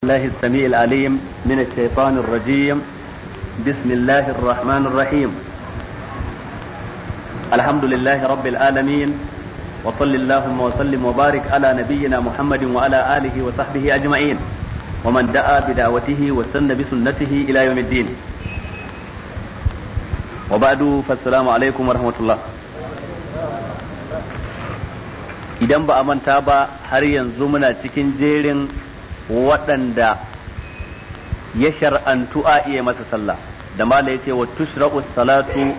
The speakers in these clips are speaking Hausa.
الله السميع العليم من الشيطان الرجيم بسم الله الرحمن الرحيم الحمد لله رب العالمين وصل اللهم وسلم وبارك على نبينا محمد وعلى آله وصحبه أجمعين ومن دعا بدعوته وسن بسنته إلى يوم الدين وبعد فالسلام عليكم ورحمة الله idan ba a manta ba har yanzu muna cikin jerin waɗanda ya shar'antu a iya masa sallah da mala yace wa tushra'u salatu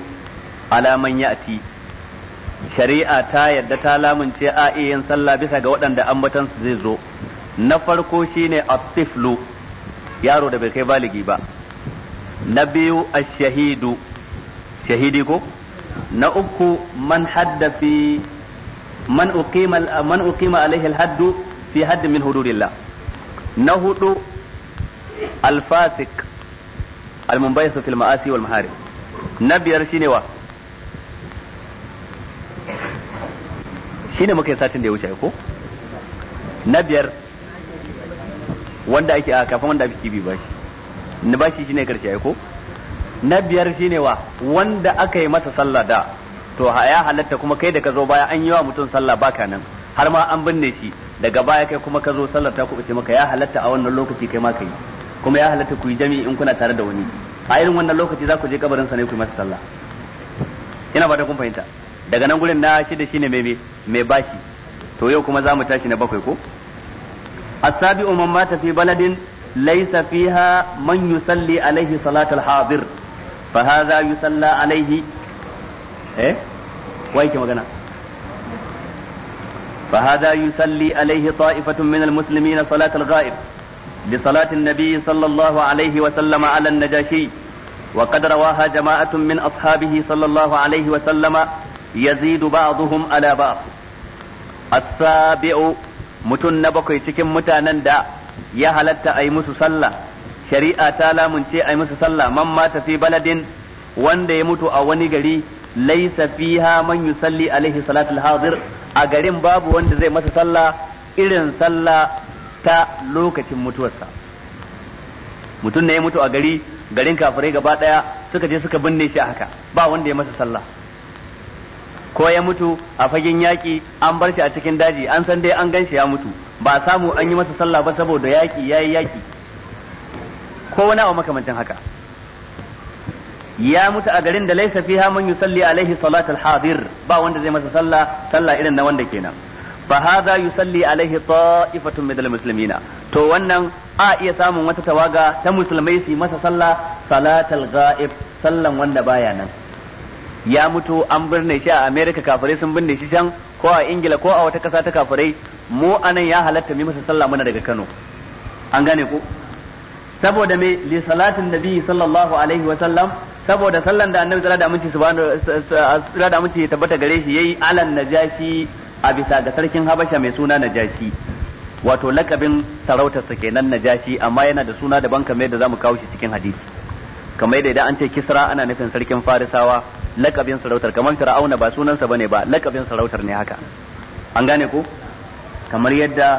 ala man ya'ti shari'a ta yadda ta lamunce a iya yin sallah bisa ga waɗanda ambatan su zai zo na farko shine a tiflu yaro da bai kai baligi ba na biyu ash-shahidu shahidi ko na uku man hadda fi man uqima man uqima alaihi al fi hadd min hududillah na hudu alfasik almunbaisu fil ma'asi wal maharib na biyar shine wa shine muka yi satin da ya wuce ko na biyar wanda ake a kafin wanda ake bi bashi na bashi shine karshe ko na biyar shine wa wanda aka yi masa sallah da to ya halatta kuma kai da ka zo baya an yi wa mutum sallah baka nan har ma an binne shi daga baya kai kuma ka zo sallar ta kuɓuce maka ya halatta a wannan lokaci kai ma ka yi kuma ya halatta ku yi jami in kuna tare da wani a irin wannan lokaci za ku je kabarin sa ne ku yi masa sallah ina ba ta kun fahimta daga nan gurin na shida shine mai mai bashi to yau kuma za mu tashi na bakwai ko asabi umman mata fi baladin laysa fiha man yusalli alaihi salatul hadir fa hadha yusalla alaihi eh wai ke magana فهذا يصلي عليه طائفة من المسلمين صلاة الغائب لصلاة النبي صلى الله عليه وسلم على النجاشي وقد رواها جماعة من أصحابه صلى الله عليه وسلم يزيد بعضهم على بعض السابع متن بقي cikin mutanen da ya halatta ai musu sallah shari'a ta lamunce ai musu sallah man mata baladin wanda ya mutu a wani gari laysa fiha man yusalli alaihi salatul hadir a garin babu wanda zai masa sallah irin sallah ta lokacin mutuwarsa mutum ne ya mutu a gari garin kafirai gaba daya suka je suka binne shi haka ba wanda ya masa sallah ko ya mutu a fagen yaƙi an bar shi a cikin daji an san dai an gan shi ya mutu ba samu an yi masa sallah ba saboda yaƙi yayi yaƙi ko wani abu makamancin haka ya mutu a garin da laisa fiha man yusalli alaihi salatul hadir ba wanda zai masa sallah sallah irin na wanda kenan fa hadha yusalli alaihi ta'ifatun min almuslimina to wannan a iya samun wata tawaga ta musulmai su masa sallah salatul ghaib sallan wanda baya nan ya mutu an birne shi a America kafirai sun binne shi can ko a Ingila ko a wata kasa ta kafirai mu anan ya halatta mu masa sallah muna daga Kano an gane ku. saboda me li salatin nabi sallallahu alaihi wa sallam saboda sallan da annabi sallallahu alaihi wasallam sallallahu alaihi wasallam tabbata gare shi ya yi alan najashi a bisa ga sarkin habasha mai suna najashi wato lakabin sarautar sa kenan najashi amma yana da suna daban kamar yadda zamu kawo shi cikin hadisi kamar yadda idan an ce kisra ana nufin sarkin farisawa lakabin sarautar kamar fir'auna ba sunan bane ba lakabin sarautar ne haka an gane ko kamar yadda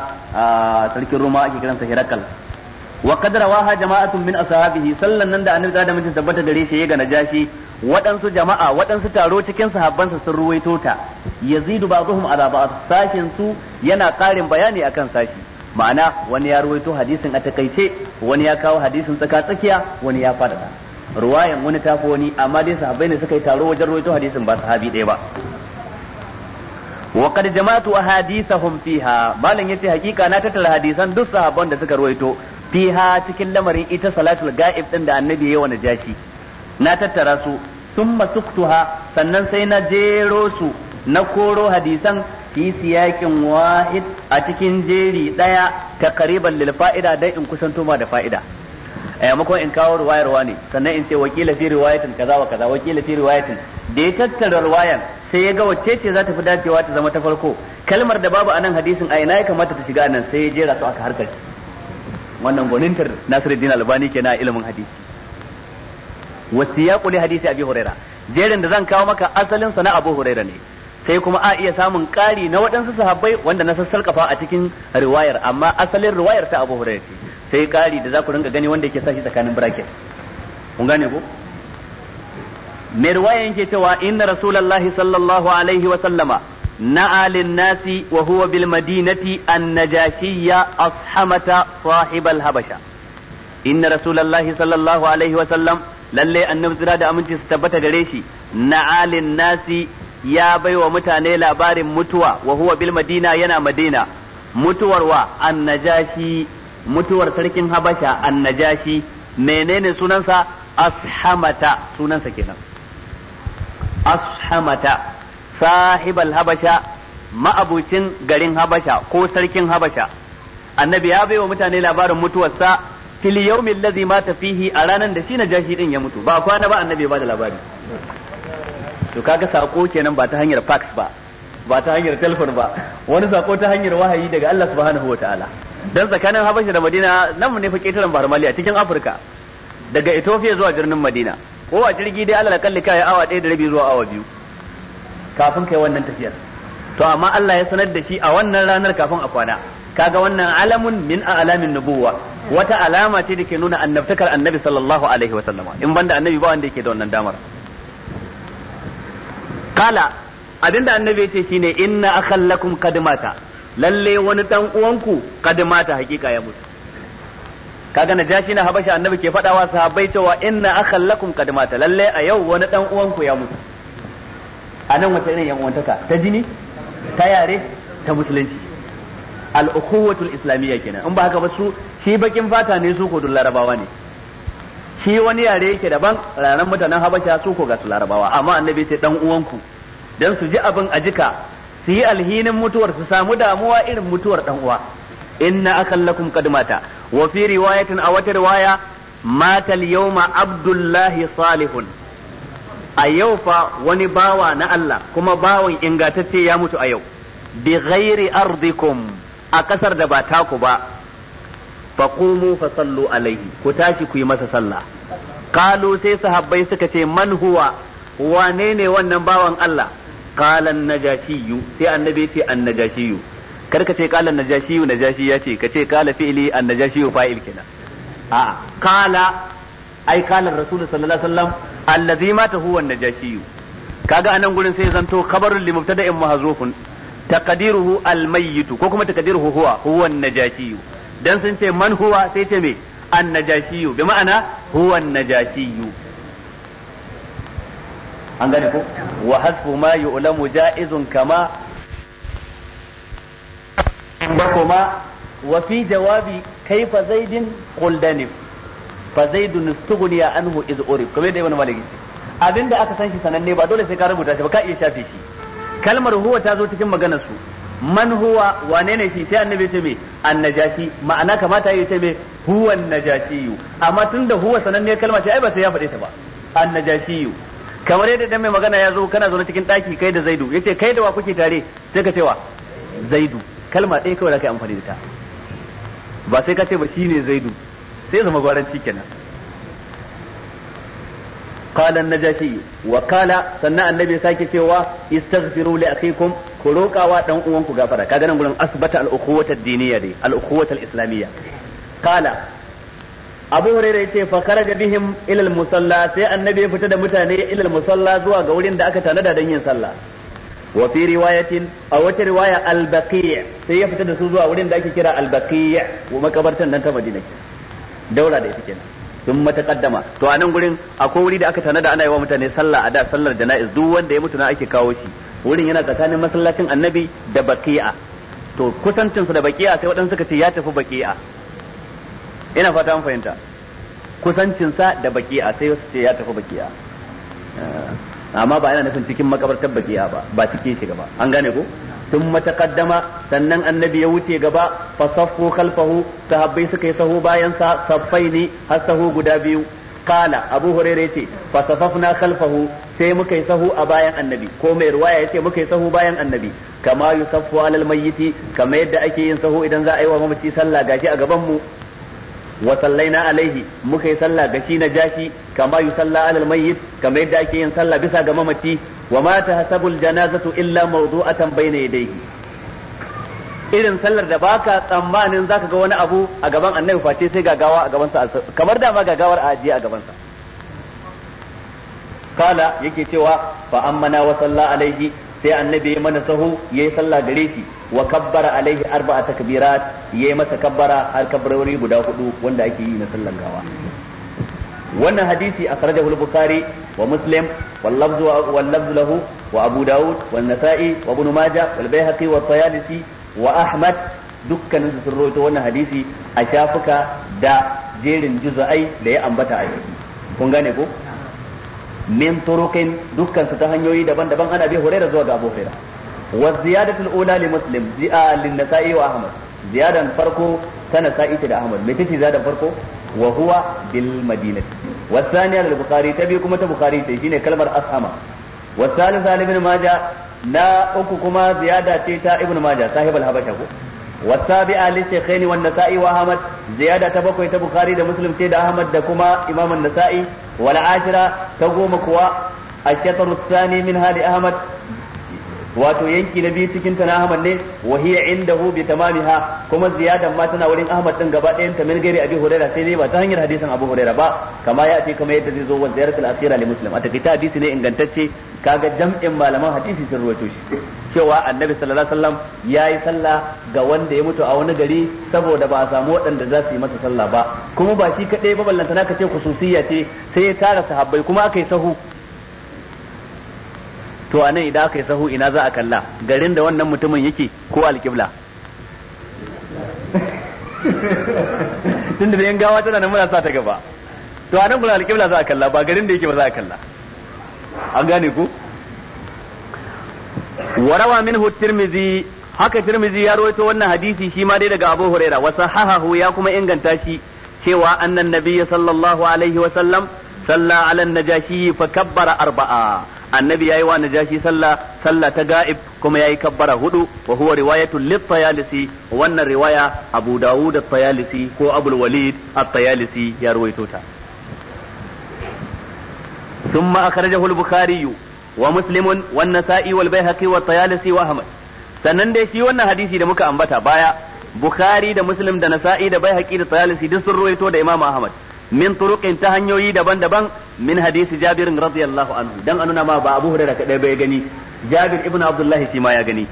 ah, sarkin roma ake kiransa hirakal wa qad rawaha jama'atun min ashabihi sallan nan da annabi da mun tabbata gare shi ya ga najashi waɗansu jama'a waɗansu taro cikin sahabbansa sun ruwaito ta yazidu ba'dhum ala ba'd sashin su yana ƙarin bayani akan sashi ma'ana wani ya ruwaito hadisin a takaice wani ya kawo hadisin tsaka tsakiya wani ya fada ruwayan wani tafi wani amma dai sahabbai ne suka yi taro wajen ruwaito hadisin ba sahabi ɗaya ba wa qad jama'tu ahadithahum fiha malan yace hakika na tattara hadisan duk sahabban da suka ruwaito fiha cikin lamarin ita salatul ga'ib din da annabi yayi wa najashi na tattara su thumma suktuha sannan sai na jero su na koro hadisan fi siyakin wahid a cikin jeri daya ta kariban lil fa'ida da in kusanto ma da fa'ida a yamakon in kawo ruwayarwa ne sannan in ce wakila fi riwayatin kaza wa kaza wakila fi riwayatin da ya tattara ruwayan sai ya ga wacce ce za ta fi dacewa ta zama ta farko kalmar da babu anan hadisin a ina ya kamata ta shiga nan sai ya jera su aka harkar wannan gwanintar Nasiruddin Albani ke na ilimin hadisi ya kuli hadisi Abi Huraira jerin da zan kawo maka asalin sa na Abu Huraira ne sai kuma a iya samun ƙari na waɗansu sahabbai wanda na sassalƙafa a cikin riwayar amma asalin riwayar ta Abu Huraira ce sai ƙari da za ku ringa gani wanda yake sashi tsakanin bracket kun gane ko mai riwaya yake cewa inna rasulullahi sallallahu alaihi wa sallama na'a linnasi wa huwa bil madinati annajashiyya ashamata habasha inna rasulullahi sallallahu alaihi wa sallam lalle annabi tsira da aminci su tabbata gare shi na'a linnasi ya baiwa mutane labarin mutuwa wa huwa yana madina mutuwar wa annajashi mutuwar sarkin habasha annajashi menene sunansa ashamata sunansa kenan ashamata sahibal habasha ma'abucin garin habasha ko sarkin habasha annabi ya baiwa mutane labarin mutuwarsa fil yawmin ladzi mata fihi a ranan da shi na najashi din ya mutu ba kwana ba annabi ba da labari to kaga sako kenan ba ta hanyar fax ba ba ta hanyar telefon ba wani sako ta hanyar wahayi daga Allah subhanahu wataala dan tsakanin habasha da madina nan mu ne fa ketaren barmali a cikin Afrika daga ethiopia zuwa birnin madina ko a jirgi dai alal kalli kai awa ɗaya da rabi zuwa awa biyu kafin kai wannan tafiyar to amma Allah ya sanar da shi a wannan ranar kafin a kwana kaga wannan alamun min alamin nubuwa wata alama ce da ke nuna annabtakar annabi sallallahu alaihi wa sallama in banda annabi ba wanda yake da wannan damar kala abinda annabi ce shine inna akhallakum qad mata lalle wani dan uwanku qad mata hakika ya mutu kaga na jashi na habasha annabi ke fadawa sahabbai cewa inna akhallakum qad mata lalle a yau wani dan uwanku ya mutu a nan wata irin yan'uwantaka ta jini ta yare ta musulunci al islamiyya kenan in ba haka ba su shi bakin fata ne su ko larabawa ne shi wani yare yake daban ranar mutanen habasha su ko ga su larabawa amma annabi sai dan uwanku dan su ji abin a jika su yi alhinin mutuwar su samu damuwa irin mutuwar dan uwa inna akallakum qad mata wa fi riwayatin a wata riwaya matal al-yawma abdullahi salihun a yau fa wani bawa na Allah kuma bawan ingatacce ya mutu a yau bi ghairi ardikum a kasar da ba taku ba fa qumu fa sallu alaihi ku tashi ku yi masa sallah qalu sai sahabbai suka ce man huwa wane ne wannan bawan Allah qalan najashiyu sai annabi ce an-najashiyu kar ka ce qalan najashiyu najashi ya ce ka ce qala fi'li an-najashiyu fa'il kina a'a qala ai kalar rasul sallallahu alaihi wasallam allazi mata huwa najashi kaga anan gurin sai zanto khabarul li mubtada'in mahzufun taqdiruhu al mayyit ko kuma taqdiruhu huwa huwa najashi dan sun ce man huwa sai ce me an najashi bi ma'ana huwa najashi an gane ko wa hasfu ma yu'lamu ja'izun kama bakuma wa fi jawabi kaifa zaidin qul danif fa zaidun istughniya anhu iz urib dai wani malaki ce. abinda aka san shi sananne ba dole sai ka rubuta shi ba ka iya shafe shi kalmar huwa ta zo cikin maganar su man huwa wane ne shi sai annabi ce me annajashi ma'ana kamata yi ce me huwa annajashiyu amma tunda huwa sananne kalma ce ai ba sai ya faɗe ta ba annajashiyu kamar yadda dan mai magana ya zo kana zaune cikin daki kai da zaidu yace kai da wa kuke tare sai ka ce wa zaidu kalma ɗaya kawai da kai amfani da ta ba sai ka ce ba shine zaidu sai zama gwaranci kenan قال النجاشي وقال سنة النبي ساكي سوى استغفروا لأخيكم كروكا واتن أونكو غفرة كذا نقول أثبت الأخوة الدينية دي الأخوة الإسلامية قال أبو هريرة فخرج بهم إلى المصلى سي النبي فتد متاني إلى المصلى زوا قولين دا أكتا ندى دين صلى وفي رواية أو رواية البقيع سي فتد سوزوا قولين دا أكتا البقيع ومكبرتن ننتم دينك daura da ita kenan sun matakaddama to a nan gurin akwai wuri da aka tanada ana yi wa mutane sallah a da sallar jana'iz duk wanda ya mutu na ake kawo shi wurin yana tsakanin masallacin annabi da baki'a to su da baki'a sai waɗansu suka ce ya tafi baki'a ina fata an fahimta kusancinsa da baki'a sai wasu ce ya tafi baki'a eh, amma ba yana nufin cikin makabartar baki'a ba ba cikin shi gaba an gane ko thumma kaddama sannan annabi ya wuce gaba fa saffu khalfahu sahabbai suka yi sahu bayan sa ne har sahu guda biyu kala abu hurairah yace fa safafna khalfahu sai muka yi sahu a bayan annabi ko mai ruwaya yace muka yi sahu bayan annabi kama yusaffu alal mayyiti kama yadda ake yin sahu idan za a yi wa mamaci sallah gashi a gaban mu wa sallaina alaihi muka yi sallah gashi na jashi kama yusalla alal mayyit kama yadda ake yin sallah bisa ga mamaci Wa وما تحسب الجنازة إلا موضوعة بين يديه irin sallar da baka tsammanin zaka ga wani abu a gaban annabi face sai gagawa a gaban sa kamar da ma gagawar a ajiye a gaban sa. kala yake cewa fa ammana wa salla alaihi sai annabi ya mana sahu yayi sallah gare shi wa kabbara alaihi arba'a takbirat yayi masa kabbara har kabbarori guda hudu wanda ake yi na sallar gawa wannan hadisi a al-bukhari wa muslim wal lafzu wal lahu wa abu daud wal nasa'i wa ibn majah wal bayhaqi wa tayalisi wa ahmad dukkanin su sun rawaito wannan hadisi a shafuka da jerin juz'ai da ya ambata a kun gane ko min turuqin dukkan su ta hanyoyi daban-daban ana bi hurairah zuwa ga abu hurairah wa ziyadatul ula li muslim zi'a lin nasa'i wa ahmad ziyadan farko ta nasa'i da ahmad me take ziyadan farko Wahuwa huwa bil madinati wa thaniya al bukhari tabi kuma ta bukhari ce shine kalmar ashama wa thalitha ibn majah na uku kuma ziyada ce ta ibn maja sahib al habasha ko wa sabi'a li shaykhaini wan wa ahmad ziyada ta bakwai ta bukhari da muslim ce da ahmad da kuma imam an-nasa'i wal ashira ta goma kuwa الشطر min منها لأحمد wato yanki na biyu cikin ta na Ahmad ne wa hiya indahu bi tamamiha kuma ziyadan ma tana wurin Ahmad din gaba ɗayan ta min gari Abi Hurairah sai dai ba ta hanyar hadisin Abu Hurairah ba kama ya ce kamar yadda zai zo wa ziyaratul akhirah li muslim a take ta hadisi ne ingantacce kaga jam'in malaman hadisi sun ruwato shi cewa annabi sallallahu alaihi wasallam yayi sallah ga wanda ya mutu a wani gari saboda ba a samu waɗanda za su yi masa sallah ba kuma ba shi kadai ba ballantana naka ce khususiyya ce sai ya tara sahabbai kuma aka yi sahu to nan idan aka yi sahu ina za a kalla garin da wannan mutumin yake ko alkibla tunda da yan gawa tana nan muna sa ta gaba to nan kuma alkibla za a kalla ba garin da yake ba za a kalla an gane ku warawa minhu tirmizi haka tirmizi ya rawaito wannan hadisi shi ma dai daga abu huraira wasa hahahu ya kuma inganta shi cewa annan nabiyyi sallallahu alaihi wa sallam salla ala najashi fa kabbara arba'a annabi yayi wa najashi sallah sallah ta ga'ib kuma yayi kabbara hudu wa huwa riwayatul lit-tayalisi wannan riwaya Abu Dawud at-Tayalisi ko abu Walid at-Tayalisi ya ruwaito ta ثم أخرجه البخاري ومسلم والنسائي والبيهقي والطيالسي وأحمد sannan dai shi wannan hadisi da muka ambata baya Bukhari da Muslim da Nasa'i da Baihaqi da Tayalisi duk sun ruwaito da Imam Ahmad min turuqin ta hanyoyi daban-daban min hadisi Jabir radiyallahu anhu dan an nuna ma ba Abu Hurairah kadai bai gani Jabir ibn Abdullah shi ma ya gani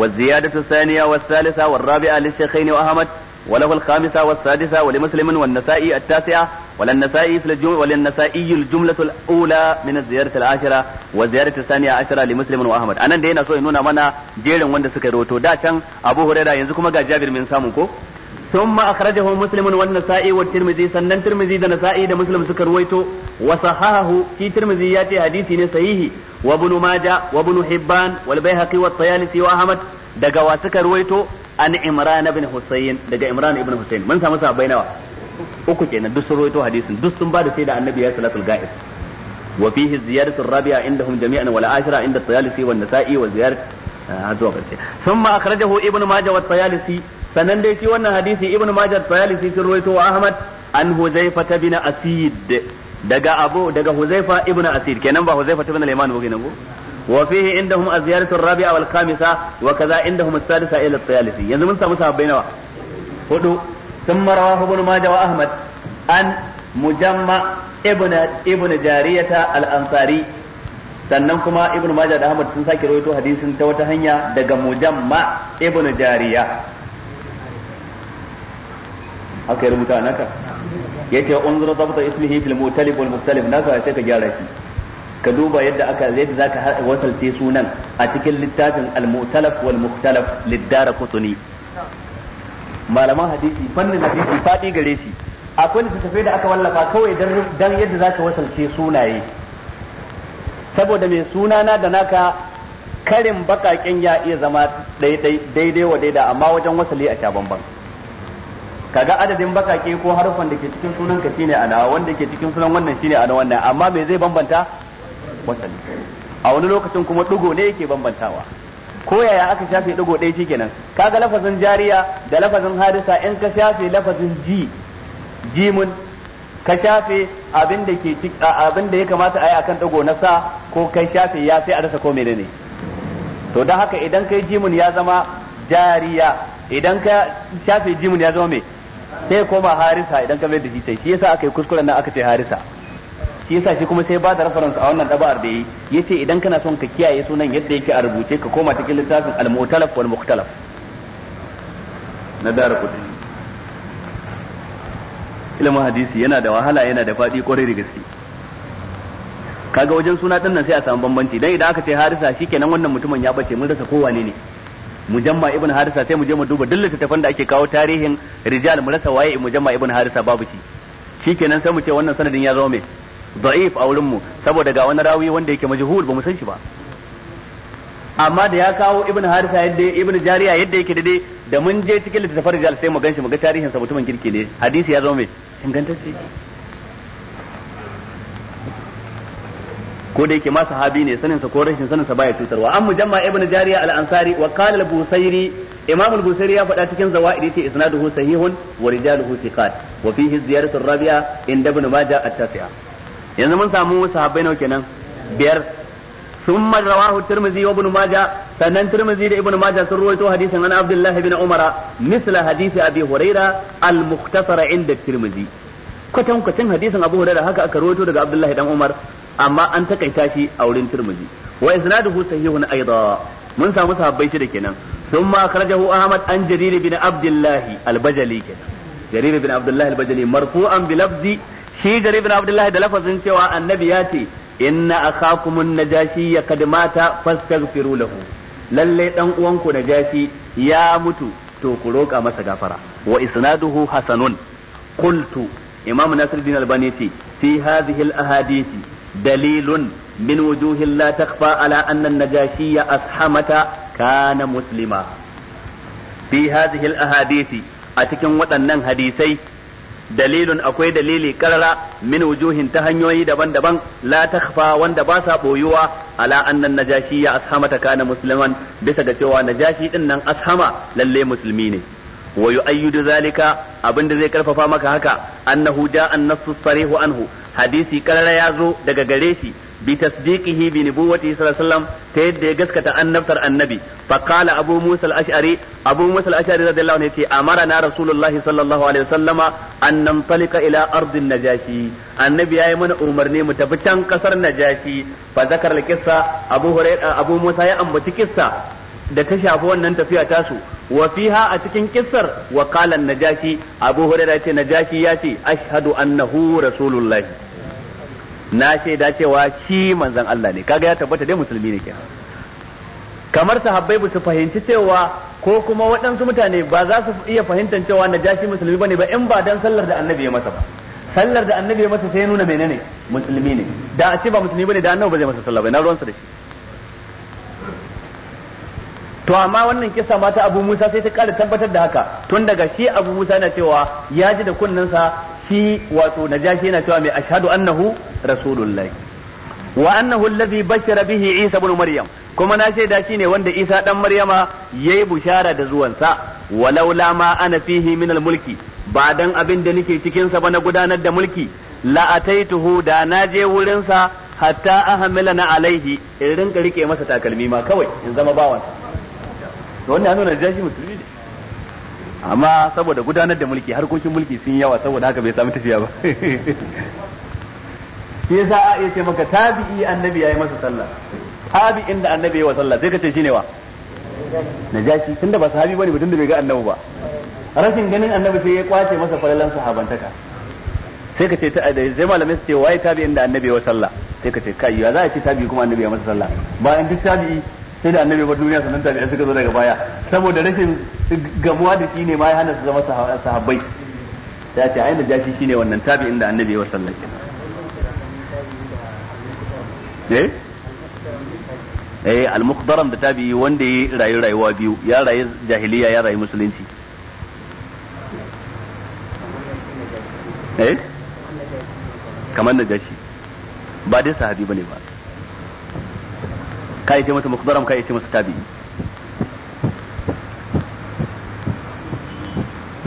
wa ziyadatu thaniya wa thalitha wa rabi'a li shaykhain wa Ahmad wa lahu al-khamisa wa sadisa wa li Muslim wa an-Nasa'i at-tasi'a wa nasai al wa nasai al al-ula min az al-ashira wa thaniya ashira li Muslim wa Ahmad anan da yana so ya nuna mana jerin wanda suka rawato da can Abu Hurairah yanzu kuma ga Jabir min samu ko ثم أخرجه مسلم والنسائي والترمذي سنن ترمذي ده نسائي ده مسلم سكر ويتو وصححه في ترمذي ياتي حديثي صحيح وابن ماجه وابن حبان والبيهقي والطيالسي وأحمد ده جوا سكر ويتو عن عمران بن حسين ده عمران بن حسين من سامسا بينوا uku kenan duk sun rawaito hadisin duk sun bada sai da annabi ya salatul ga'ib wa fihi ziyaratu rabi'a indahum jami'an wal ashra inda at-tayalisi wan nasa'i wa ziyarat hadwa kace thumma akhrajahu ibnu majah wat-tayalisi sannan dai shi wannan hadisi ibn majah tayalisi sun ruwaito wa ahmad an huzaifa bin asid daga abu daga huzaifa ibn asid kenan ba huzaifa ibn al-yaman ba kenan ko wa fihi indahum az-ziyaratu ar-rabi'a wal khamisa wa kaza indahum as-sadisa ila at-tayalisi yanzu mun samu sahabbai nawa hudu ثم رواه ابن Ahmad an Mujamma Ibn ابن ابن Al-Ansari sannan kuma ibn majah da ahmad sun sake rawaito hadisin ta wata hanya daga mujamma ibn jariya haka ya rubuta naka yace unzur zabta ismihi fil mutalib wal mukhtalif naka sai ka gyara shi ka duba yadda aka yadda zaka wasalce sunan a cikin littafin al mutalaf wal mukhtalaf lidara kutuni malaman hadisi fannin hadisi fadi gare shi akwai littattafai da aka wallafa kawai dan yadda zaka wasalce sunaye saboda mai na da naka karin bakaken ya iya zama daidai wa daida amma wajen wasali a sha bambam kaga adadin bakake ko harufan da ke cikin sunan ka shine ana wanda ke cikin sunan wannan shine ana wannan amma me zai bambanta wasali a wani lokacin kuma dugo ne yake bambantawa ko yaya aka shafe digo ɗaya shikenan kaga lafazin jariya da lafazin hadisa in ka shafe lafazin ji jimun ka shafe abin da ke abin da ya kamata a yi akan dugo na sa ko kai shafe ya sai a rasa ko menene to dan haka idan kai jimun ya zama jariya idan ka shafe jimun ya zama mai sai ya koma harisa idan ka mai da shi sai shi yasa aka yi kuskuren nan aka ce harisa shi yasa shi kuma sai ba da reference a wannan daba'ar da yi yace idan kana son ka kiyaye sunan yadda yake a rubuce ka koma cikin littafin al-mu'talaf wal mukhtalaf na dara kudi ilimin hadisi yana da wahala yana da fadi kwarai da gaske kaga wajen suna din nan sai a samu bambanci dan idan aka ce harisa shikenan wannan mutumin ya bace mun rasa kowane ne mujamma ibn harisa sai mu je mu duba duk littattafan da ake kawo tarihin rijal mu rasa waye mujamma ibn harisa babu shi shikenan sai mu ce wannan sanadin ya zama mai da'if a wurin mu saboda ga wani rawi wanda yake majhul ba mu san shi ba amma da ya kawo ibn harisa yadda ibn jariya yadda yake daidai da mun je cikin littattafan rijal sai mu ganshi mu ga tarihin sa mutumin kirki ne hadisi ya zama mai ingantacce ko da yake ma sahabi ne sanin sa ko rashin sanin sa baya cutarwa an mujamma ibnu jariya al-ansari wa qala al-busairi imam al-busairi ya faɗa cikin zawaidi ce isnaduhu sahihun wa rijaluhu thiqat wa fihi ziyaratu rabi'a inda ibn majah at-tasi'a yanzu mun samu sahabbai nawa kenan biyar ثم رواه الترمذي وابن ماجه سنن ترمذي وابن ماجه سرويته حديثا عن عبد الله بن عمر مثل حديث ابي هريره المختصر عند الترمذي kwatan kwatan hadisin Abu Hurairah haka aka rawaito daga Abdullahi dan Umar amma an takaita shi a wurin turmudi wa isnaduhu sahihun aida mun samu sahabbai da kenan thumma akhrajahu ahmad an jarir bin abdullah al-bajali kenan jarir bin abdullah al-bajali marfu'an bi lafzi shi jarir bin abdullah da lafazin cewa annabi ya ce inna akhakumun najashi ya kad mata fastaghfiru lahu lalle dan uwanku najashi ya mutu to ku roka masa gafara wa isnaduhu hasanun qultu imam Nasir bin albani ce fi hadhihi al دليل من وجوه لا تخفى على أن النجاشي أسحمة كان مسلما في هذه الأحاديث أتكن وطنن حديثي dalilun akwai dalili karara min wujuhin ta hanyoyi daban-daban la takhfa wanda ba sa boyuwa ala annan najashi ya ashama ta kana bisa ga cewa najashi din nan ashama lallai musulmi ne wa yu'ayyidu zalika da zai karfafa maka haka annahu ja'a an-nassu anhu hadisi karara ya zo daga gare shi bi tasdiqihi bi nubuwwati sallallahu alaihi ta yadda ya gaskata annabtar annabi fa qala musa al-ash'ari abu musa al-ash'ari radiyallahu anhu yace amarana rasulullahi sallallahu alaihi wasallama an nantalika ila ardi najashi annabi yi mana umarni mu tafi can kasar najashi fa zakar al-qissa musa ya ambaci kissa da ta shafi wannan tafiya tasu wa fiha a cikin kissar wa qala najashi abu hurairah ce najashi ya ce ashhadu annahu rasulullahi na shaida cewa shi manzon Allah ne kaga ya tabbata dai musulmi ne kenan kamar sahabbai ba su fahimci cewa ko kuma waɗansu mutane ba za su iya fahimtar cewa najashi musulmi bane ba in ba dan sallar da annabi ya masa ba sallar da annabi ya masa sai ya nuna menene musulmi ne da a ce ba musulmi bane da annabi ba zai masa sallah ba na ruwansa da shi to amma wannan kisa mata Abu Musa sai ta ƙara tabbatar da haka tun daga shi Abu Musa na cewa ya ji da kunninsa shi wato najashi yana cewa mai ashhadu annahu rasulullahi wa annahu allazi bashara bihi Isa ibn Maryam kuma na shaida shine wanda Isa dan Maryama yayi bushara da zuwan sa walaula ma ana fihi min mulki ba dan abin da nake cikin sa ba na gudanar da mulki la ataituhu da na je wurin sa hatta ahamilana alaihi in rinka rike masa takalmi ma kawai in zama bawansa to wannan ya nuna jashi musulmi ne amma saboda gudanar da mulki harkokin mulki sun yawa saboda haka bai sami tafiya ba shi yasa a iya ce maka tabi'i annabi yayi masa sallah tabi'in da annabi yayi wa sallah sai ka ce shine wa najashi tunda ba sahabi bane mutum da bai ga annabi ba rashin ganin annabi sai ya kwace masa falalan sahabantaka sai ka ce ta da sai malamai su ce wai tabi'in da annabi yayi wa sallah sai ka ce kai ya za a ce tabi'i kuma annabi yayi masa sallah Ba in duk tabi'i sai da annabi ba duniya sanan tabi'ai suka zo daga baya saboda rashin gamuwa da shi ne ma ya hana su zama sahabbai ta ce ayin da jashi shine wannan tabi'in da annabi ya sallallahu alaihi eh, eh al-muqdaram da tabi'i wanda ya rayu rayuwa biyu ya rayu jahiliya ya rayu musulunci eh kamar da gashi ba dai sahabi bane ba ka yi ce masa mukdaram ka yi ce masa tabi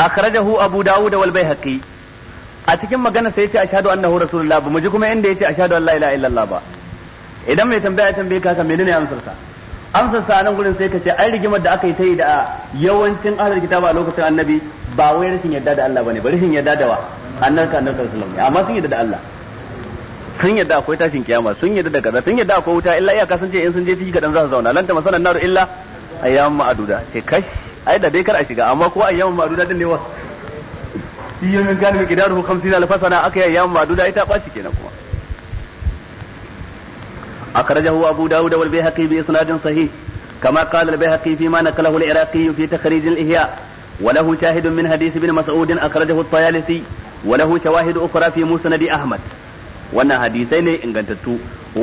akhrajahu abu dawud wal baihaqi a cikin magana sai yace ashhadu annahu rasulullah ba mu ji kuma inda yace ashhadu an la ilaha illallah ba idan mai tambaya tambaye ka kan menene amsar sa amsar sa nan gurin sai ka ce ai rigimar da aka yi ta yi da yawancin ahlul kitaba a lokacin annabi ba wai rashin yadda da Allah bane ba rashin yadda da wa annabi annabi sallallahu alaihi wasallam amma sun yadda da Allah sun yadda akwai tashin kiyama sun yadda da kaza sun yadda akwai wuta illa iyaka sun ce in sun je ciki kadan za su zauna lanta masalan naru illa ayyamu ma'duda sai kash ai da dai kar a shiga amma ko ayyamu ma'duda din ne wa yawmin kana mai gidaru 50 alf sana aka yi ayyamu ma'duda ita ba shi kenan kuma akhrajahu abu dawud wal bayhaqi bi isnadin sahih كما قال البيهقي فيما نقله العراقي في تخريج الإحياء وله شاهد من حديث ابن مسعود أخرجه الطيالسي وله شواهد أخرى في مسند أحمد wannan hadisai ne ingantattu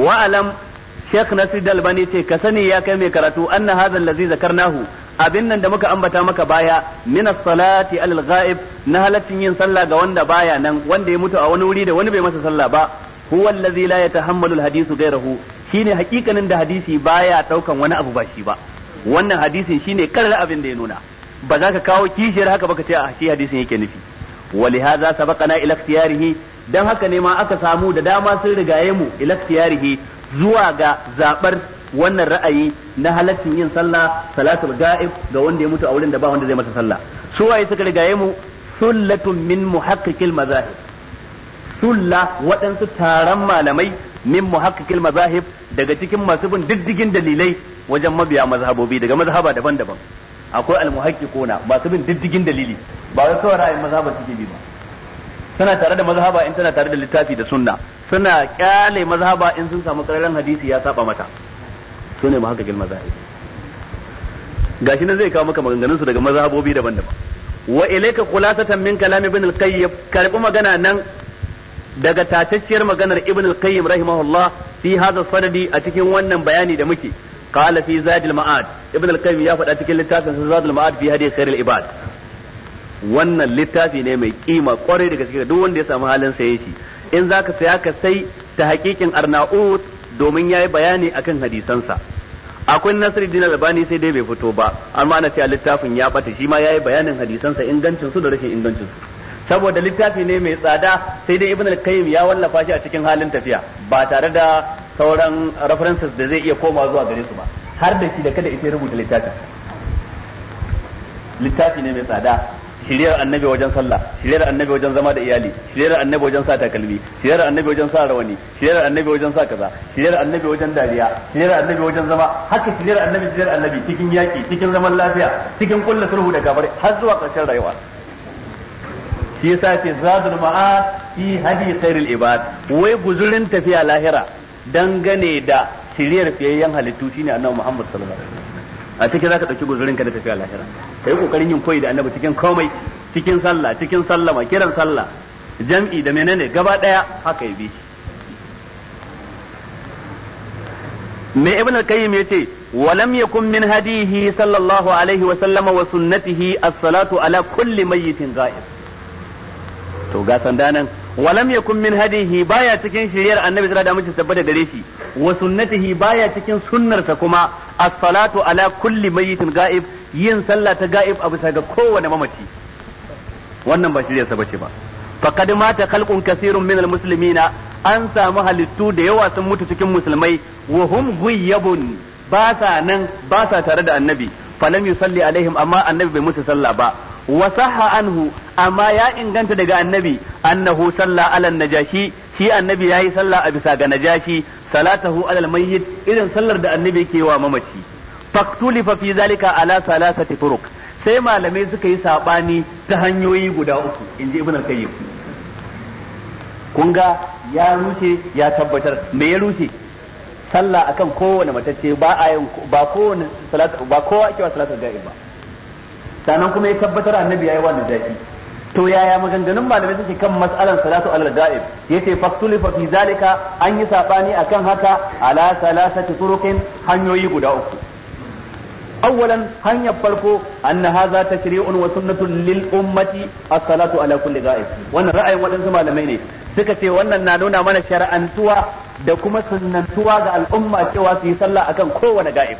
wa alam Sheikh Nasir Dalbani ce ka sani ya kai mai karatu anna hadha allazi zakarnahu abin nan da muka ambata maka baya min as-salati al ghaib na halaccin yin sallah ga wanda baya nan wanda ya mutu a wani wuri da wani bai masa sallah ba huwa allazi la yatahammalu al-hadisu ghayrahu shine hakikanin da hadisi baya daukan wani abu ba shi ba wannan hadisin shine karar abin da ya nuna ba za ka kawo kishiyar haka ba ka ce a shi hadisin yake nufi ولهذا sabaqana ila ikhtiyarihi dan haka ne ma aka samu da dama sun rigaye mu ilaktiyarihi zuwa ga zabar wannan ra'ayi na halaccin yin sallah salatul ga'ib ga wanda ya mutu a wurin da ba wanda zai masa sallah su waye suka rigaye mu sullatun min muhaqqiqil mazahib sulla waɗansu taron malamai min muhaqqiqil mazahib daga cikin masu bin diddigin dalilai wajen mabiya mazhabobi daga mazhaba daban-daban akwai al-muhaqqiquna masu bin diddigin dalili ba wai kawai ra'ayin mazhaban suke bi ba tana tare da mazhaba in tana tare da littafi da sunna suna kyale mazhaba in sun samu kararan hadisi ya saba mata su ne gil mazhabi gashi nan zai kawo maka maganganun su daga mazhabobi daban-daban wa ilayka khulasatan min kalam ibn al-qayyim karbi magana nan daga tatacciyar maganar ibn al-qayyim rahimahullah fi hadha sanadi a cikin wannan bayani da muke qala fi zadil ma'ad ibn al-qayyim ya faɗa cikin littafin zadil ma'ad fi hadi khairil ibad wannan littafi ne mai kima kwarai da gaske duk wanda ya samu halin saye shi in zaka saya ka sai ta hakikin arnaut domin yayi bayani akan hadisansa akwai Nasiruddin Albani sai dai bai fito ba amma na cewa littafin ya bata shi ma yayi bayanin hadisansa ingancin su da rashin ingancin su saboda littafi ne mai tsada sai dai Ibn al-Qayyim ya wallafa shi a cikin halin tafiya ba tare da sauran references da zai iya koma zuwa gare su ba har da shi da kada ita rubuta littafin littafi ne mai tsada shiryar annabi wajen sallah shiriyar annabi wajen zama da iyali shiriyar annabi wajen sa takalmi shiryar annabi wajen sa rawani shiriyar annabi wajen sa kaza shiriyar annabi wajen dariya shiriyar annabi wajen zama haka shiriyar annabi shiriyar annabi cikin yaki cikin zaman lafiya cikin kullu sulhu da gabare har zuwa karshen rayuwa shi yasa ce zadul ma'ad fi hadi khairul ibad wai guzurin tafiya lahira dangane da shiryar fiyayyen halittu shine annabi Muhammad sallallahu alaihi a cikin zaka dauki guzurin ka da tafiya lahira yi kokarin yin koyi da annabi cikin komai cikin sallah cikin sallah ma kiran sallah jam'i da menene gaba daya haka ya bi me ibn al-qayyim yace walam yakun min hadihi sallallahu alaihi wa sallama wa sunnatihi as-salatu ala kulli mayyitin ghaib to ga sandanan walam yakun min hadihi baya cikin shiryar annabi sallallahu alaihi wasallam tabbata gare shi wa sunnatihi baya cikin sunnarsa kuma Asalatu salatu ala kulli mayyitin ga'ib yin sallah ta ga'ib a bisa ga kowane mamaci wannan ba shiriyar sa bace ba faqad mata khalqun kaseerun min al-muslimina an samu halittu da yawa sun mutu cikin musulmai wa hum ghayyabun ba sa nan ba sa tare da annabi falam yusalli alaihim amma annabi bai musu salla ba wa sahha anhu amma ya inganta daga annabi annahu salla ala najashi shi annabi yayi sallah a bisa ga najashi salatahu ala mayyit irin sallar da annabi yake wa mamaci faktulifa fi zalika ala salasati turuq sai malamai suka yi sabani ta hanyoyi guda uku inji ibn al-qayyim kun ga ya rushe ya tabbatar me ya rushe sallah akan kowane matacce ba a ba kowane salatu ba kowa ake wa salatu ga'iba ba sannan kuma ya tabbatar annabi yayi wannan dafi to yaya maganganun malamai suke kan mas'alan salatu alal ga'ib yace fa fi zalika an yi sabani akan haka ala salasati turuqin hanyoyi guda uku awwalan hanyar farko anna hadha tashri'un wa sunnatun lil ummati as-salatu ala kulli ga'ib wannan ra'ayin wadansu malamai ne suka ce wannan na nuna mana shar'antuwa da kuma sunnantuwa ga al'umma cewa su yi sallah akan kowane ga'ib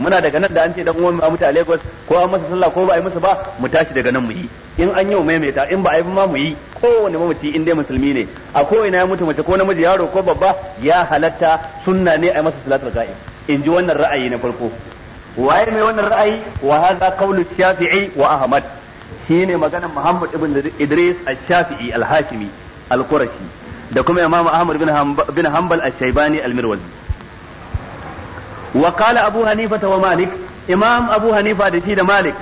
muna daga nan da an ce dan uwan mu a Lagos ko an masa sallah ko ba a masa ba mu tashi daga nan mu yi in an yi mu maimaita in ba a yi ba mu yi kowane mamaci in dai musulmi ne a ko ina ya mutu mace ko namiji yaro ko babba ya halatta sunna ne a yi masa salatul ghaib in ji wannan ra'ayi na farko waye mai wannan ra'ayi wa hadha qawlu shafi'i wa ahmad shine maganar muhammad ibn idris al-shafi'i al-hashimi al-qurashi da kuma imam ahmad bin hanbal al-shaybani al-mirwazi wa qala abu hanifa wa malik imam abu hanifa da shi da malik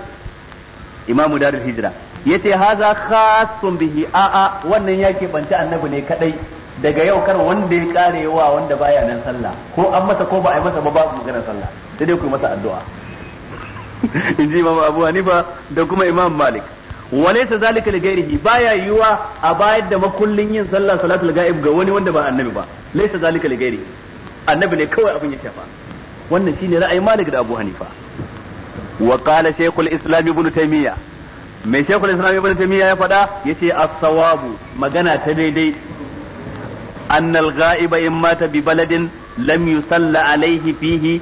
imamu darul hijra yace haza khassun bihi a a wannan ya keɓanci annabi ne kadai daga yau kar wanda ya kare wa wanda baya nan sallah ko an masa ko ba a yi masa ba babu maganar sallah sai dai ku yi masa addu'a in ji imam abu hanifa da kuma imam malik walaysa zalika li ghairihi baya yiwa a bayar da makullin yin sallah salatul ga'ib ga wani wanda ba annabi ba laysa zalika li ghairihi annabi ne kawai abin ya shafa wannan shine ra'ayin Malik da Abu Hanifa wa qala shaykhul islam ibn taymiya mai shaykhul islam ibn taymiya ya faɗa yace as-sawabu magana ta daidai an al-ghaiba in mata bi baladin lam yusalla alaihi fihi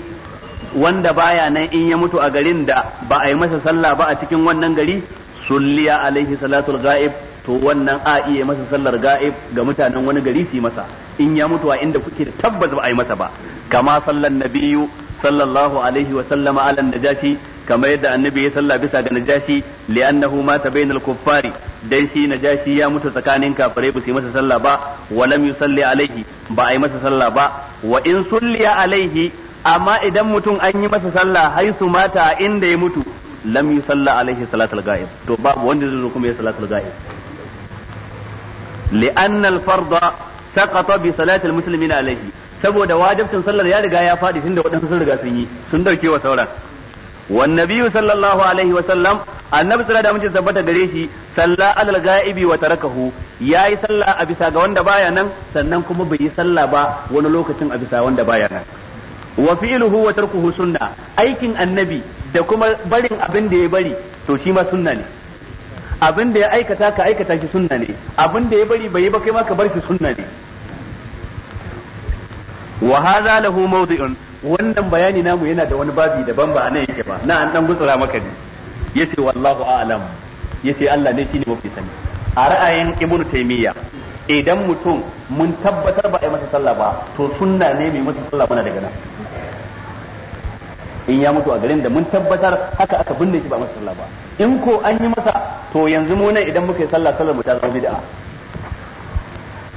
wanda baya nan in ya mutu a garin da ba a yi masa sallah ba a cikin wannan gari sulliya alaihi salatul ghaib to wannan a iya masa sallar ga'ib ga mutanen wani gari su masa in ya mutu a inda kuke tabbas ba a yi masa ba kama sallan Nabiyu sallallahu alaihi wa sallama ala najashi kama yadda annabi ya salla bisa ga najashi li'annahu mata bainal kuffari dan shi najashi ya mutu tsakanin kafirai ba su masa sallah ba wa lam yusalli alaihi ba a yi masa sallah ba wa in sulliya alaihi amma idan mutum an yi masa sallah haisu mata inda ya mutu lam yusalla alaihi salatul ga'ib to babu wanda kuma ya farda saqata bi salati al alaihi saboda wajibcin sallar ya riga ya faɗi tunda waɗansu sun riga sun yi sun dauke wa sauran wan nabi sallallahu alaihi wa sallam annabi da mutum tabbata gare shi salla alal ga'ibi wa tarakahu yayi salla a bisa ga wanda baya nan sannan kuma bai yi sallah ba wani lokacin a bisa wanda baya nan wa fi'luhu wa tarkuhu sunna aikin annabi da kuma barin abin da ya bari to shi ma sunna ne abin da ya aikata ka aikata shi sunna ne abin da ya bari bai yi ba kai ma ka bar shi sunna ne wa hadha lahu mawdi'un wannan bayani namu yana da wani babi daban ba nan yake ba na an dan gutsura maka ne yace wallahu a'lam yace Allah ne shine mafi sani a ra'ayin ibnu taymiya idan mutum mun tabbatar ba a yi masa sallah ba to sunna ne mai masa sallah mana daga nan in ya mutu a garin da mun tabbatar haka aka binne shi ba masa sallah ba in ko an yi masa to yanzu mu nan idan muka yi sallah sallar mu ta zama bid'a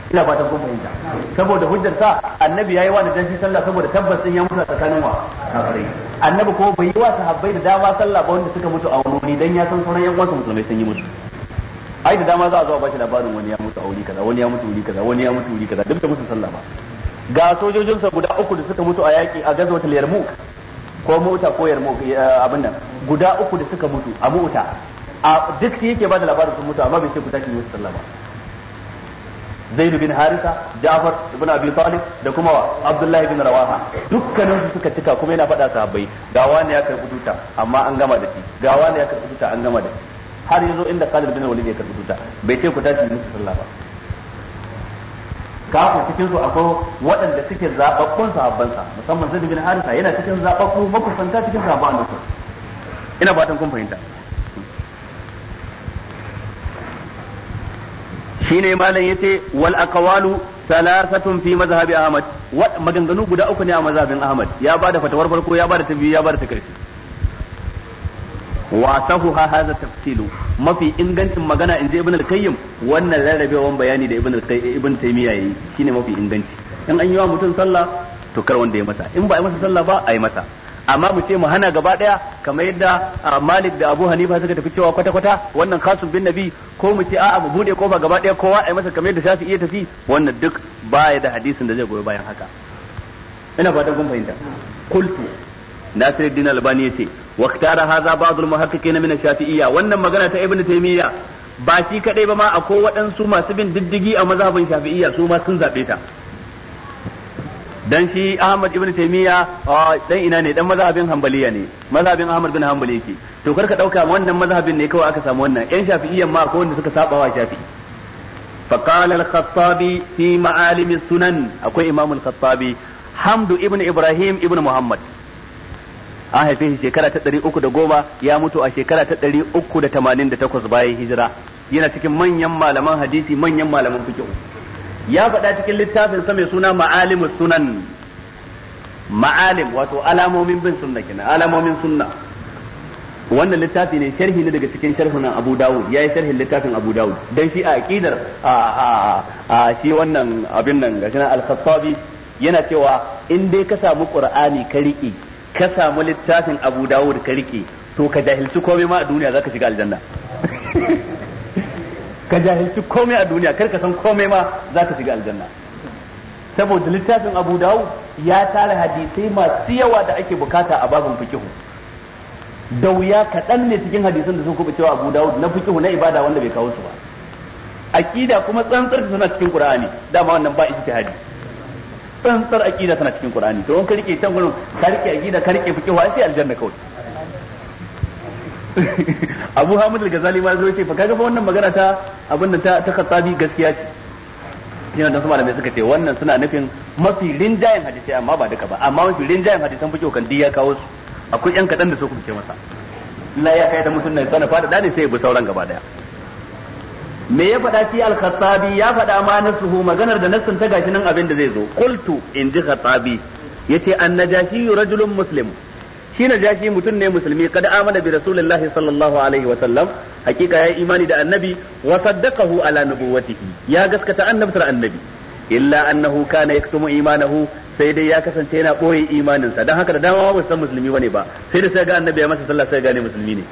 ina fatan kun fahimta saboda hujjar sa annabi yayi wa da shi sallah saboda tabbacin ya mutu tsakanin wa kafirai annabi ko bai yi wa sahabbai da dama sallah ba wanda suka mutu a wani dan ya san sunan yan uwansa musulmai sun yi mutu ai da dama za a zo a bashi labarin wani ya mutu a wuri kaza wani ya mutu wuri kaza wani ya mutu wuri kaza duk da musu sallah ba ga sojojinsa guda uku da suka mutu a yaki a gazwatul yarmouk ko mu'uta ko yarmouk eh, abin nan guda uku da suka mutu a mu'uta a duk shi yake ba da labarin sun mutu amma bai ce ku tashi musu sallah ba Zaidu bin harisa ja'far ibn abi talib da kuma abdullahi bin rawaha dukkanin su suka tuka kuma yana faɗa sahabbai ga wani ya karɓi tuta amma an gama da shi ga wani ya karɓi tuta an gama da shi har yanzu inda Khalid bin Walid ya karɓi tuta bai ce ku tashi musu sallah ba kafin cikin su akwai waɗanda suke zababbun sahabbansa musamman Zaidu bin harisa yana cikin zababbu makusanta cikin sahabban annabi ina fatan kun fahimta shine malam yace wal aqwalu thalathatun fi mazhabi ahmad maganganu guda uku ne a mazhabin ahmad ya bada fatawar farko ya bada ta biyu ya bada ta karshe wa ha hadha tafsilu mafi ingancin magana inji ibn al-qayyim wannan rarrabewan bayani da ibn ibn taymiya yayi shine mafi inganci in an yi wa mutum sallah to kar wanda ya masa in ba a yi masa sallah ba a yi masa amma mu ce mu hana gaba daya kamar yadda ah, Malik da Abu Hanifa suka tafi cewa kwata kwata wannan khasun bin nabi ko mu ce a'a mu bude kofa gaba daya kowa ai masa kamar yadda shafi iya tafi wannan duk baya da hadisin da zai goyi bayan haka ina fatan kun fahimta qultu Nasiruddin Albani yace waktara hadha ba'dul muhaqqiqin min ash-shafi'iyya wannan magana ta Ibn Taymiyyah ba shi kadai ba ma akwai waɗansu masu bin diddigi a mazhabin Shafi'iyya su ma sun zabe ta dan shi Ahmad ibn Taymiya dan ina ne dan mazhabin Hanbaliya ne mazhabin Ahmad bin Hanbali yake to karka dauka wannan mazhabin ne kawai aka samu wannan yan Shafi'iyyan ma ko wanda suka saba wa Shafi'i khattabi fi ma'alim معالم sunan akwai إمام الخطابي hamdu Ibn Ibrahim Ibn Muhammad. an haife shi shekara ta ɗari uku da goma ya mutu a shekara ta ɗari uku da tamanin da takwas bayan hijira yana cikin manyan malaman hadisi manyan malaman fikihu ya faɗa cikin littafin sa mai suna ma'alimus sunan ma'alim wato alamomin bin sunna kenan alamomin sunna wannan littafi ne sharhi ne daga cikin sharhin Abu Dawud yayi sharhin littafin Abu Dawud dan shi a aqidar a a shi wannan abin nan gashi al-Khattabi yana cewa in dai ka samu Qur'ani ka rike ka samu littafin Abu Dawud ka rike to ka jahilci komai ma a duniya zaka shiga aljanna ka jahilci komai a duniya kar ka san komai ma za ka shiga aljanna saboda littafin abu ya tara hadisai masu yawa da ake bukata a babin fikihu da wuya kaɗan ne cikin hadisan da sun kuɓe cewa abu dawud na fikihu na ibada wanda bai kawo su ba aqida kuma tsantsar da suna cikin qur'ani dama wannan ba ijtihadi tsantsar aqida tana cikin qur'ani to in ka rike can ka rike aqida ka rike fikihu sai aljanna kawai abu hamid al-ghazali ma zai ce fa kaga fa wannan magana ta abinda ta ta khattabi gaskiya ce yana da su malamai suka ce wannan suna nufin mafi rinjayen hadisai amma ba duka ba amma mafi rinjayen hadisan fiqh kan ya kawo su akwai yan kadan da su ce masa la ya kai da mutum ne sana fada dane sai bu sauran gaba daya me ya faɗa shi al-khattabi ya faɗa ma nasuhu maganar da nassin ta gashi nan abin da zai zo qultu in ji khattabi yace annajashi rajulun muslim shi na jashi mutum ne musulmi kad amana bi rasulillahi sallallahu alaihi wa sallam hakika ya imani da annabi wa saddaqahu ala nubuwwatihi ya gaskata annabtar annabi illa annahu kana yaktumu imanahu sai dai ya kasance yana boye sa dan haka da dama ba san musulmi bane ba sai da sai ga annabi ya masa sallah sai gane musulmi ne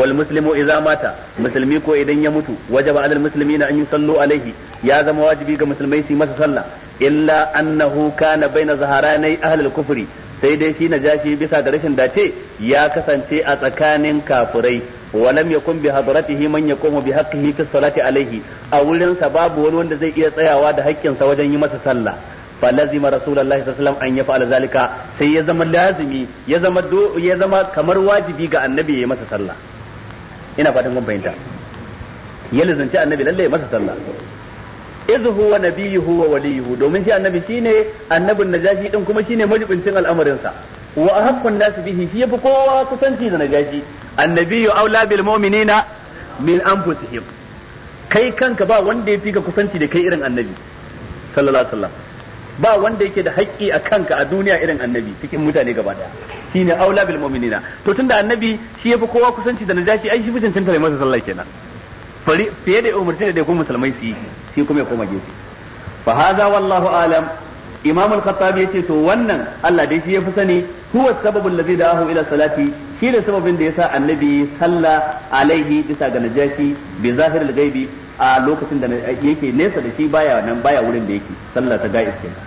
wal muslimu idza mata musulmi ko idan ya mutu wajaba alal muslimina an yusallu alaihi ya zama wajibi ga musulmai su masa sallah illa annahu kana baina zaharanai ahlul kufri sai dai shi najashi bisa ga rashin dace ya kasance a tsakanin kafirai walam yakun bi hadratihi man yaqumu bi haqqihi fi salati alayhi a wurin sa babu wani wanda zai iya tsayawa da haƙƙin sa wajen yi masa sallah Fa lazima rasulullahi sallallahu alaihi wasallam an yafa zalika sai ya zama lazimi ya zama ya zama kamar wajibi ga annabi ya masa sallah ina fatan kun fahimta ya lazanci annabi lalle ya masa sallah iz huwa nabiyuhu wa waliyuhu domin shi annabi shine annabin najashi din kuma shine majibincin al'amarin sa wa ahaqqun nas bihi shi yafi kowa kusanci da najashi annabiyyu aula bil mu'minina min anfusihim kai kanka ba wanda yafi ka kusanci da kai irin annabi sallallahu alaihi wasallam ba wanda yake da haƙƙi a kanka a duniya irin annabi cikin mutane gaba daya shine aula bil mu'minina to tunda annabi shi yafi kowa kusanci da najashi ai shi mutuntun tare masa sallah kenan fari fiye da umarci da dukkan musulmai su yi shi kuma ya koma gefe fa hadha wallahu alam imam al-khattab yace to wannan Allah dai shi yafi sani huwa sababul ladzi da'ahu ila salati shi ne sababin da yasa annabi salla alaihi bisa ga najati bi zahir al-ghaibi a lokacin da yake nesa da shi baya nan baya wurin da yake sallah ta ga kenan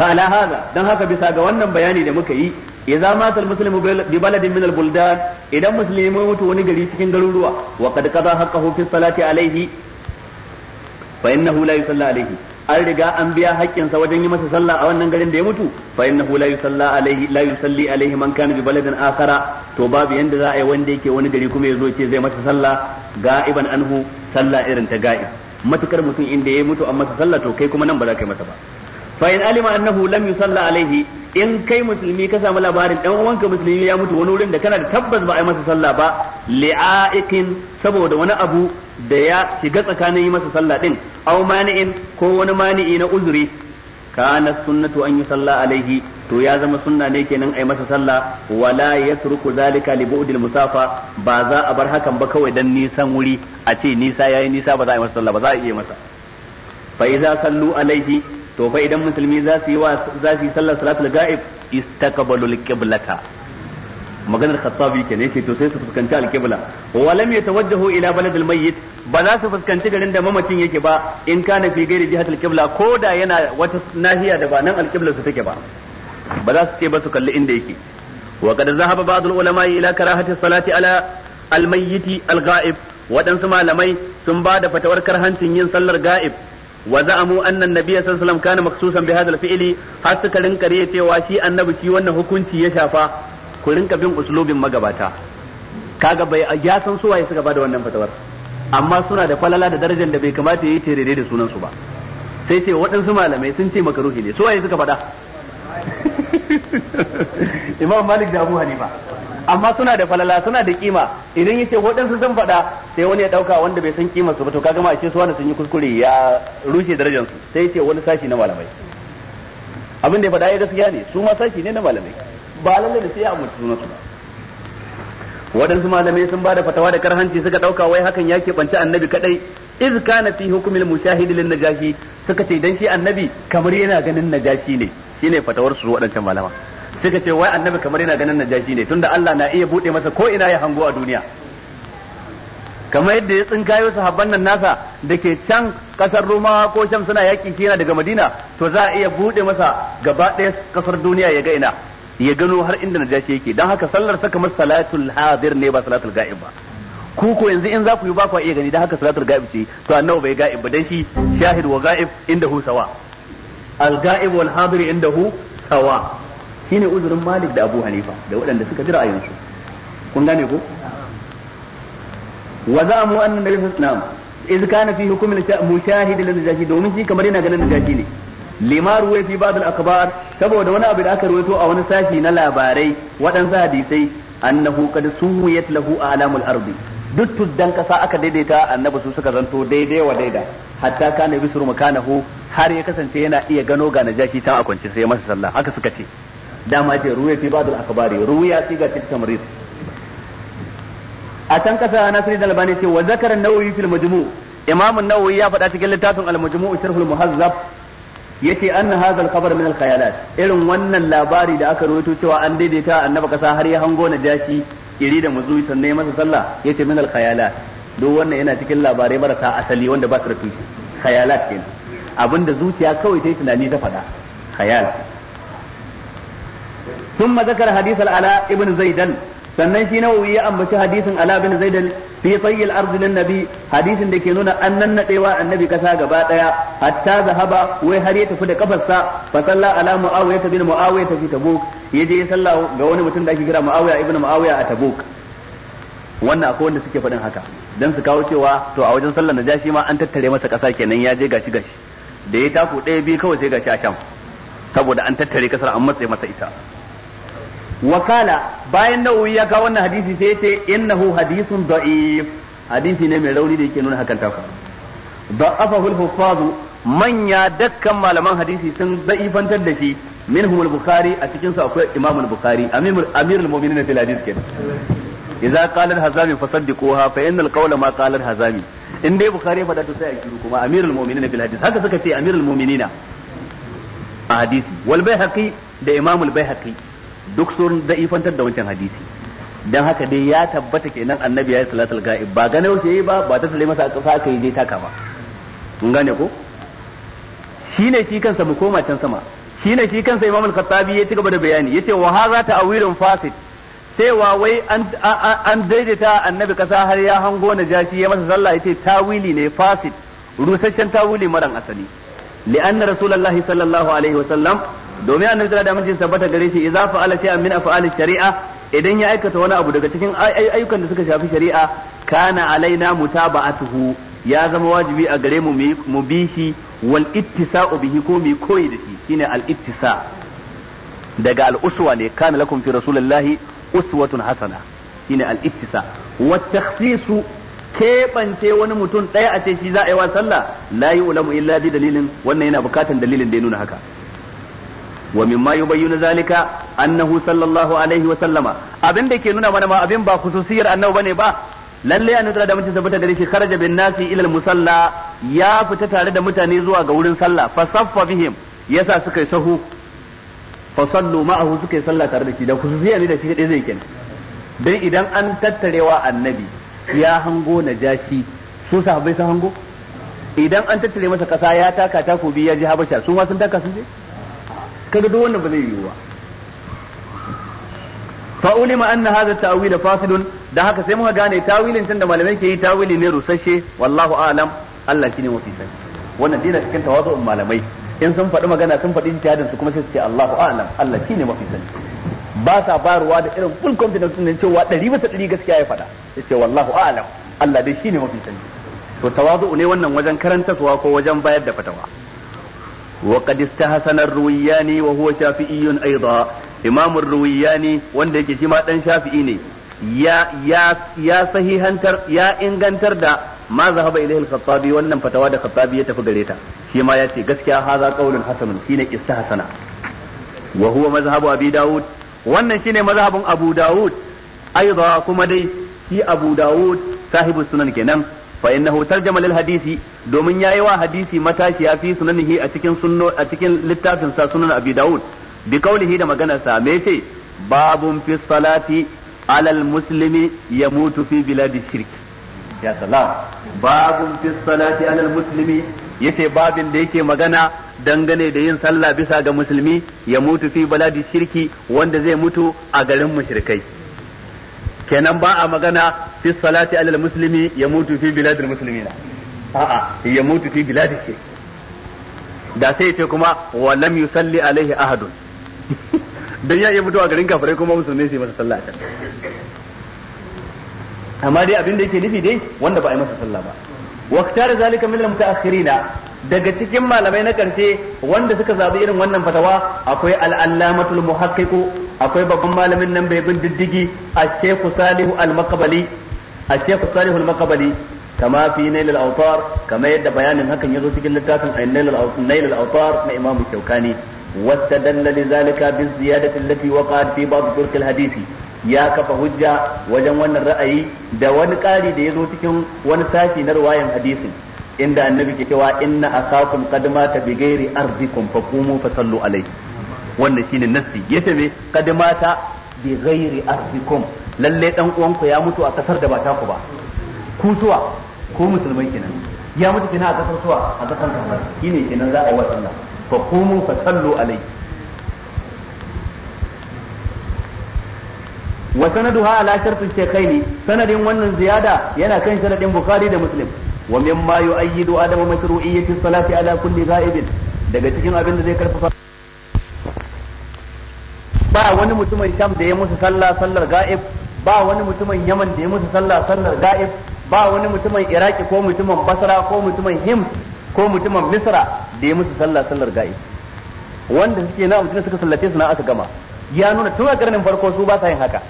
fa ala hadha dan haka bisa ga wannan bayani da muka yi idza mata almuslimu bi baladin min albuldan idan muslimi ya mutu wani gari cikin garuruwa wa qad qada haqqahu fi salati alayhi fa innahu la yusalla alayhi an riga an biya haƙƙinsa wajen yi masa sallah a wannan garin da ya mutu fa innahu la yusalla alayhi la yusalli alayhi man kana bi baladin akhara to babu yanda za a yi wanda yake wani gari kuma ya zo ce zai masa sallah ga'iban anhu sallah irin ta ga'ib matukar mutum inda ya mutu an masa sallah to kai kuma nan ba za ka yi masa ba fa in alima annahu lam yusalla alaihi in kai musulmi ka samu labarin dan uwanka musulmi ya mutu wani wurin da kana da tabbas ba a yi masa sallah ba li'aikin saboda wani abu da ya shiga tsakanin yi masa sallah din aw mani'in ko wani mani'i na uzuri kana sunnatu an yusalla alaihi to ya zama sunna ne kenan ai masa sallah wala yatruku zalika li bu'dil musafa ba za a bar hakan ba kawai dan nisan wuri a ce nisa yayi nisa ba za a yi masa sallah ba za a iya masa fa idza sallu alaihi to fa idan musulmi za su yi wa za su yi sallar salatul ga'ib istaqbalul qiblata maganar khattabi kenan yake to sai su fuskanci alqibla wa lam yatawajjahu ila baladil mayyit ba za su fuskanci garin da mamacin yake ba in kana fi gairi al qibla ko da yana wata nahiya da ba nan alqibla su take ba ba za su ce ba su kalli inda yake wa kad zahaba ba'd al ulama ila karahati salati ala al mayyit al gaib waɗansu malamai sun ba da fatawar karhancin yin sallar ga'ib wa za'amu anna annabiy sallallahu alaihi wasallam kana maksusan bi hadha al-fi'li har suka rinka riya cewa shi annabi shi wannan hukunci ya shafa ku rinka bin uslubin magabata kaga bai ya san su waye suka bada wannan fatawar amma suna da falala da darajar da bai kamata yayi terere da sunan su ba sai ce waɗansu malamai sun ce makaruhi ne su waye suka faɗa imam malik da abu hanifa amma suna da falala suna da kima idan yace waɗansu sun faɗa sai wani ya ɗauka wanda bai san kima su ba to kaga ma ashe su wani sun yi kuskure ya rushe darajar su sai yace wani sashi na malamai abin da ya faɗa ya gaskiya ne su ma sashi ne na malamai ba lalle da sai ya amince suna su ba waɗansu malamai sun ba da fatawa da karhanci suka ɗauka wai hakan ya ke banci annabi kaɗai iz kana fi hukumil mushahidi lin najashi suka ce dan shi annabi kamar yana ganin najashi ne shine fatawar su waɗancan malama suka ce wai annabi kamar yana ganin najashi ne tunda Allah na iya bude masa ko ina ya hango a duniya kamar yadda ya tsinkayo sahabban nan nasa da ke can kasar Roma ko Sham suna yakin yana daga Madina to za a iya bude masa gaba ɗaya kasar duniya ya ga ina ya gano har inda najashi yake dan haka sallar sa kamar salatul hadir ne ba salatul ga'ib ba ku ko yanzu in za ku yi ba ku iya gani dan haka salatul ga'ib ce to annabi bai ga'ib ba dan shi shahid wa ga'ib indahu sawa al ga'ib wal hadir indahu sawa shine uzurin Malik da Abu Hanifa da waɗanda suka jira su kun gane ko wa za mu nabiy sallallahu alaihi wasallam iz kana fi hukm mushahid lil najashi domin shi kamar yana ganin najashi ne limar ruwaya fi ba'd al saboda wani abu da aka ruwaito a wani sashi na labarai waɗansu hadisai annahu qad suwiyat lahu a'lamul ardi duk tuddan kasa aka daidaita annabi su suka zanto daidai wa daida hatta kana bisru makanahu har ya kasance yana iya gano ga najashi tan a kwance sai masa sallah haka suka ce dama ce ruwe fi ba'd akabari akhbari ya fi ga tamrid a can kasa Nasir da Albani ce wa zakara an fil majmu' Imam ya fada cikin littafin al-majmu' sharh al-muhazzab yace anna hadha al-khabar min al-khayalat irin wannan labari da aka rawaito cewa an daidaita annaba kasa har ya hango na jashi iri da muzuri sannan ya masa sallah yace min al-khayalat duk wannan yana cikin labarai marasa asali wanda ba su da tushe khayalat kenan abinda zuciya kawai ta yi tunani ta faɗa khayal thumma zakara hadith ala ibn zaidan sannan shi nawawi ya ambaci hadisin ala bin zaidan fi sayyil ardi lin nabi hadisin da ke nuna an annan nadewa annabi kasa gaba daya hatta zahaba wai har ya tafi da kafarsa fa salla ala muawiya bin muawiya tafi tabuk yaje ya salla ga wani mutum da ake kira muawiya ibn muawiya a tabuk wannan akwai wanda suke faɗin haka dan su kawo cewa to a wajen sallar najashi ma an tattare masa kasa kenan ya je gashi gashi da ya taku ɗaya biyu kawai sai gashi a can saboda an tattare kasar an matsaye masa ita wakala bayan nawawi ya kawo wannan hadisi sai yace innahu hadithun da'if hadisi ne mai rauni da yake nuna hakan tafa da'afahu al manya dakkan malaman hadisi sun da'ifantar da shi minhum al-bukhari a cikin su akwai imam al-bukhari mu'minin fil hadith idza qala al-hazami fasaddiquha fa innal qawla ma qala al-hazami in dai bukhari fa da to sai a kiru kuma mu'minin fil hadith haka suka ce amirul a hadisi wal baihaqi da imam al-baihaqi duk sun ifantar da wancan hadisi dan haka dai ya tabbata kenan annabi yayi salatul ga'ib ba ganin shi yayi ba ba ta sallai masa ƙasa aka yi dai taka ba kun gane ko shine shi kansa mu koma can sama shine shi kansa Imam al-Khattabi ya cigaba da bayani yace wa hadha ta'wilun fasid cewa wai an an daidaita annabi kasa har ya hango na jashi ya masa sallah yace tawili ne fasid rusasshen tawili maran asali li'anna rasulullahi sallallahu alaihi wa sallam domin annabi sallallahu alaihi wasallam tabbata gare shi idza fa'ala shay'an min af'ali shari'a idan ya aikata wani abu daga cikin ayyukan da suka shafi shari'a kana alaina mutaba'atuhu ya zama wajibi a gare mu mu bi shi wal ittisa'u bihi ko mu koyi da shi shine al ittisa daga al uswa ne kana lakum fi rasulillahi uswatun hasana shine al ittisa wa takhsisu keɓance wani mutum ɗaya a ce shi za a yi wa sallah la yi ulamu illa bi dalilin wannan yana bukatan dalilin da ya nuna haka wa mimma yubayyinu zalika annahu sallallahu alaihi wa sallama abin da ke nuna mana ma abin ba khususiyar annabi bane ba lalle annabi da mutum tabbata da shi kharaja bin nasi ila musalla ya fita tare da mutane zuwa ga wurin sallah fa saffa bihim yasa suka sahu fa sallu ma'ahu suka tare da shi da ne da shi zai kenan dan idan an tattarewa annabi ya hango najashi su sahabbai sun hango idan an tattare masa kasa ya taka takobi ya ji habasha su ma taka sun je kaga duk wanda ba zai yiwu ba fa ulima anna hadha ta'wil fasidun da haka sai muka gane tawilin tunda malamai ke yi tawili ne rusasshe wallahu a'lam Allah shine mafi sani wannan dina cikin tawazu malamai in sun faɗi magana sun faɗi jihadin su kuma sai su ce Allahu a'lam Allah shine mafi sani ba sa baruwa da irin full confidence din cewa ɗari bisa ɗari gaskiya ya faɗa ya ce wallahu a'lam Allah dai shine mafi sani to tawazu ne wannan wajen karantarwa ko wajen bayar da fatawa وقد استحسن الروياني وهو شافعي أيضا إمام الروياني وندك شما دان شافعي يا يا يا صحيح انتر يا انغنتر دا ما ذهب اليه الخطابي wannan fatawa da khattabi ya tafi gare ta shi ma yace gaskiya haza qaulun hasanun shine istahsana wa huwa mazhabu abi wannan shine mazhabun abu daud aidan kuma dai shi abu daud sahibu sunan kenan fa innahu tarjama lil hadisi domin yayi wa hadisi matashiya fi sunanihi a cikin sunno a cikin littafin sa sunan abi daud bi kaulihi da magana sa me yace babun fi salati alal muslimi yamutu fi biladi shirki ya salam babun fi salati alal muslimi yace babin da yake magana dangane da yin sallah bisa ga musulmi ya mutu fi baladi shirki wanda zai mutu a garin mushrikai kenan ba a magana fi salati alal muslimi ya mutu fi biladil muslimina a'a ya mutu fi biladihi da sai ce kuma wa lam yusalli alaihi ahadun dan ya iya mutuwa garin kafirai kuma musulmai sai masa sallah ta amma dai abin da yake nufi dai wanda ba a yi masa sallah ba wa ktara zalika min al-mutaakhirina daga cikin malamai na karshe wanda suka zabi irin wannan fatawa akwai al-allamatul muhaqqiqu akwai babban malamin nan bai bin diddigi al-shaykh salihu al-maqbali a shaykh salihu al-maqbali kama fi nail al-awtar kama yadda bayanin hakan yazo cikin littafin nail al-awtar na imam shaukani واستدل لذلك بالزيادة التي وقعت في بعض طرق الحديث ya kafa hujja wajen wannan ra'ayi da wani ƙari da ya zo cikin wani sashi na ruwayan hadisin inda annabi ke cewa inna asakum qad mata bi ghairi arzikum fa sallu alayhi wannan shine nassi yace me qad mata bi ghairi ardikum lalle dan uwanku ya mutu a kasar da ba ta ku ba ku suwa ku musulmai kenan ya mutu kenan a kasar suwa a kasar kaza shine kenan za a yi fa sallah fa sallu alayhi wa sanaduha ala shartin shaykhaini sanadin wannan ziyada yana kan sharadin bukhari da muslim wa يؤيد عدم adama الصلاة على كل غائب ghaibin daga cikin abin da zai karfafa ba wani mutumin sham da ya musu sallah sallar ga'ib ba wani mutumin yaman da ya musu sallah sallar ga'ib ba wani mutumin iraki ko mutumin basra ko mutumin hims ko mutumin misra da ya musu sallah sallar ga'ib wanda suke na mutum suka sallace su na aka gama ya nuna tun a karnin farko su ba sa yin haka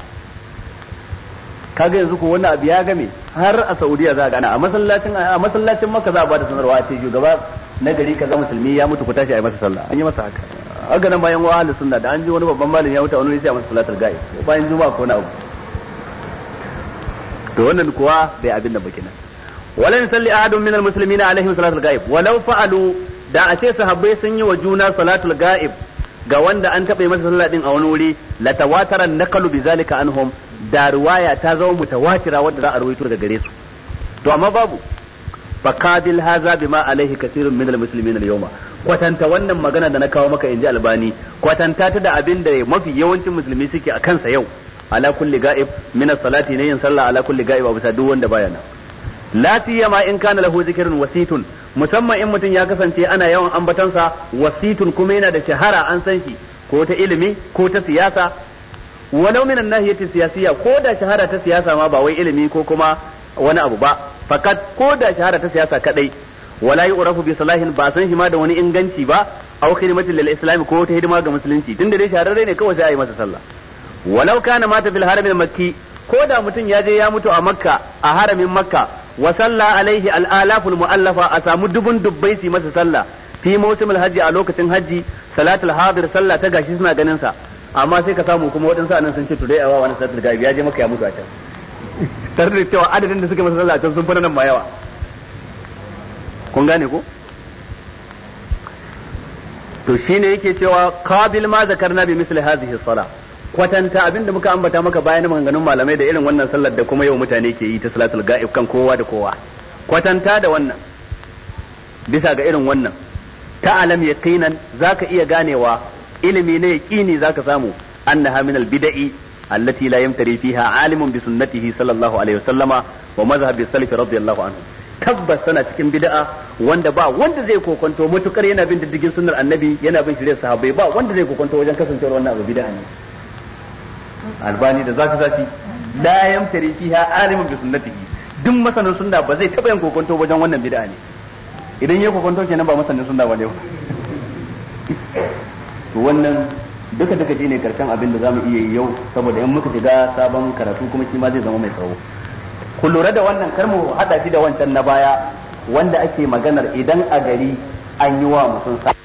kaga yanzu ko wannan abu ya game har a Saudiya za a gana a masallacin a masallacin Makka za a bada sanarwa a ce shugaba na gari kaza musulmi ya mutu ku tashi a yi masa sallah an yi masa haka haka nan bayan wa ahlus sunna da an ji wani babban malami ya mutu wani sai a masa salatul ga'i bayan juma'a ko na abu to wannan kuwa bai abin da bakin wala salli ahadun minal muslimina alaihim salatul ga'ib walau fa'alu da a ce sahabbai sun yi wa juna salatul ga'ib ga wanda an taɓa masa sallah din a wani wuri la tawataran naqalu bizalika anhum da riwaya ta zama mutawatira wanda za a rawaito daga gare su to amma babu fakabil haza bima alaihi kasirun min almuslimin alyawma kwatanta wannan magana da na kawo maka inji albani kwatanta ta da abin da mafi yawancin musulmi suke a kansa yau ala kulli ga'ib min salati ne yin sallah ala kulli ga'ib abu duk wanda baya nan la siyama in kana lahu zikrun wasitun musamman in mutum ya kasance ana yawan ambatansa wasitun kuma yana da shahara an san shi ko ta ilimi ko ta siyasa walau minan nahiyati siyasiya ko da shahara ta siyasa ma ba wai ilimi ko kuma wani abu ba fakat ko da shahara ta siyasa kadai wala yu'rafu bi salahin ba san shi ma da wani inganci ba aw khidmatin lil islam ko ta hidima ga musulunci tunda dai shahararre ne kawai sai a masa sallah walau kana mata fil haramin makki ko da mutum ya je ya mutu a makka a haramin makka wa salla alaihi al'alaful mu'allafa a samu dubun dubbai su masa sallah fi mawsimul hajji a lokacin hajji salatul hadir sallah ta gashi suna ganin sa amma sai ka samu kuma waɗansu anan sun ce to dai awa wani salatul gabi ya je maka ya mutu a can tare da cewa adadin da suka masa sallah a can sun fara nan ma yawa kun gane ko to shine yake cewa qabil ma zakarna bi misli hadhihi salah kwatanta abin da muka ambata maka bayan maganganun malamai da irin wannan sallar da kuma yau mutane ke yi ta salatul ga'ib kan kowa da kowa kwatanta da wannan bisa ga irin wannan ta alam yaqinan zaka iya ganewa ilimi ne yaqini zaka samu annaha min al-bida'i allati la yamtari fiha alimun bi sunnatihi sallallahu alaihi wasallama wa madhhabi salaf radiyallahu anhu tabbas tana cikin bid'a wanda ba wanda zai kokonto mutukar yana bin diddigin sunnar annabi yana bin shirye sahabbai ba wanda zai kokonto wajen kasancewar wannan abu bid'a ne albani da zafi zafi la yamtari fiha alimun bi sunnatihi duk masanin sunna ba zai taba yin kokonto wajen wannan bid'a ne idan ya kokonto kenan ba masanin sunna ba ne to wannan duka duka shine karkan abin da zamu iya yi yau saboda in muka shiga sabon karatu kuma shi ma zai zama mai tsawo ku lura da wannan kar mu hada shi da wancan na baya wanda ake maganar idan a gari an yi wa mutum